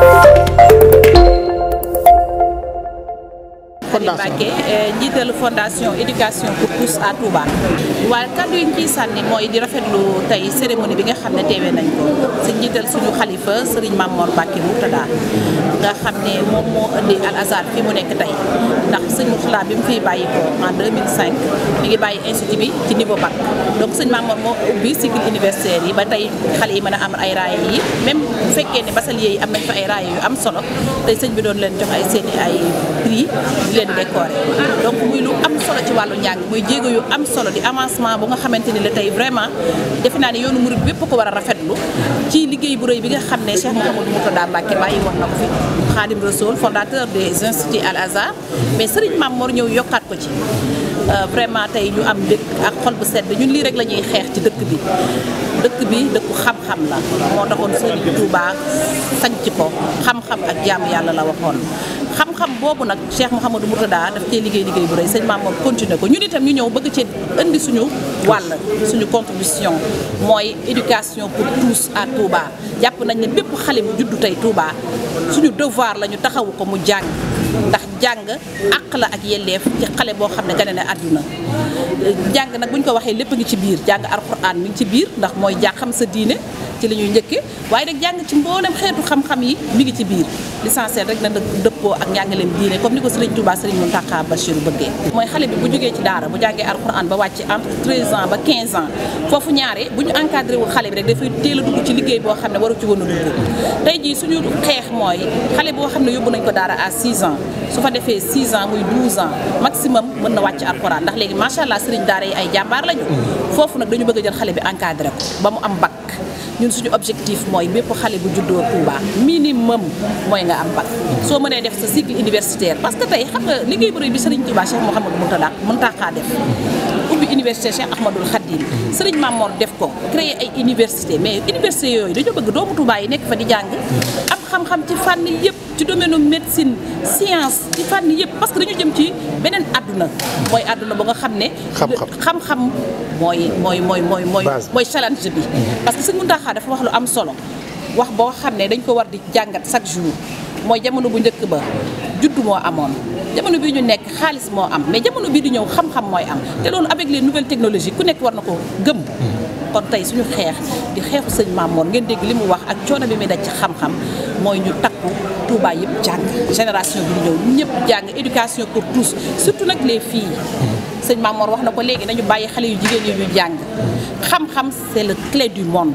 Thank you. Mbacke eh, njiital fondation éducation pour tous a Touba waaye kaddu yi ñu sànni mooy di rafetlu tey cérémonie bi nga xam ne teewee nañ ko si njiital suñu xalifa Serigne Mamor Mbacke Murtada nga xam ne moom moo indi Al Azhar fi mu nekk tey ndax sëñ Murtada bi mu fiy bàyyi ko en 2005 mi ngi bàyyi institut bi ci niveau bac donc sëñ Mamor moo ubbi cycle universitaire yi ba tey xale yi mën a am ay raaya yi même bu fekkee ne basalier yi am nañ fa ay yu am solo tey sëñ bi doon leen jox ay seeni ay décoré donc muy lu am solo ci wàllu njàng muy jéego yu am solo di avancement bu nga xamante ni la tey vraiment defe naa ne yoonu murid bépp ko war a rafetlu ci liggéey bu rëy bi nga xam ne Cheikh Mouhamadou Mourtada Mbacké bàyyi wax na ko fi Khadim Rassoul fondateur des instituts Al Azhar mais Serigne Mame Mor ñëw yokkaat ko ci euh, vraiment tey ñu am dëkk ak xol bu sedd ñun lii rek la ñuy xeex ci dëkk bi dëkk bi dëkku xam-xam la moo taxoon Serigne Touba sañc ko xam-xam ak jàmm yàlla la waxoon xam-xam boobu nag Cheikh Mouhamadou Moutada daf cee liggéey liggéey bu rëy sëñ Mamour continuer ko ñun itam ñu ñëw bëgg cee indi suñu wàll suñu contribution mooy éducation pour tous à Touba jàpp nañ ne bépp xale bu juddu tey Touba suñu devoir la ñu taxawu ko mu jàng ndax jàng àq la ak yelleef ci xale boo xam ne gane na àdduna jàng nag buñ ko waxee lépp ngi ci biir jàng alxuraan mi ngi ci biir ndax mooy jàng xam sa diine ci li ñuy njëkke waaye nag jàng ci mboolem xeetu yi mi ngi ci biir l'essentiel rek na dëppoo ak leen diine comme ni ko Serigne Touba Serigne Mountakha Bachir bëggee mooy xale bi bu jógee ci daara bu jàngee alxuraan ba wàcc entre 13 ans ba 15 ans foofu ñaare bu ñu encadré xale bi rek dafay teel a dugg ci liggéey boo xam ne waru ci woon a dugg tey jii suñu xeex mooy xale boo xam ne yóbbu nañ ko daara à 6 ans su fa defee 6 ans muy 12 ans maximum mën na wàcc alxuraan ndax léegi macha allah Serigne daara yi ay jàmbaar lañu mm. foofu nag dañu bëgg a xale bi encadré ba mu am bac ñun suñu objectif mooy bépp xale bu juddoo Touba minimum mooy nga am bac soo mënee def sa cycle universitaire parce que tey xam nga liggéey bëri bi Serigne Touba Cheikh Mouhamadou Mountakha Mountakha def ubbi université Cheikh Ahmadoul Khadim Serigne Mamor def ko créer ay université mais université yooyu dañoo bëgg doomu Touba yi nekk fa di jàng am xam-xam ci fànn yëpp ci domaine médecine science ci fànn yëpp parce que dañu jëm ci àdduna mooy àdduna ba nga xam ne xam-xam mooy mooy mooy mooy mooy mooy challenge bi parce que Sëñ Muntaxa dafa wax lu am solo wax boo xam ne dañ ko war di jàngat chaque jour mooy jamono bu njëkk ba judd moo amoon jamono bii ñu nekk xaalis moo am mais jamono bii di ñëw xam-xam mooy am te loolu avec les nouvelles technologies ku nekk war na ko gëm kon tey suñu xeex di xeexu sëñ Mamour ngeen dégg li mu wax ak coono bi muy daj ci xam-xam mooy ñu takku Touba yëpp jàng génération bi ñëw ñëpp jàng éducation pour tous surtout nag les filles sëñ Mamour wax na ko léegi nañu bàyyi xale yu jigéen yi ñu jàng xam-xam c'est la clé du monde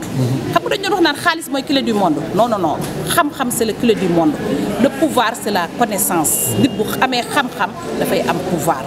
xam nga dañu wax naan xaalis mooy clé du monde non non non xam-xam c'est la clé du monde le pouvoir c'est la connaissance nit bu amee xam-xam dafay am pouvoir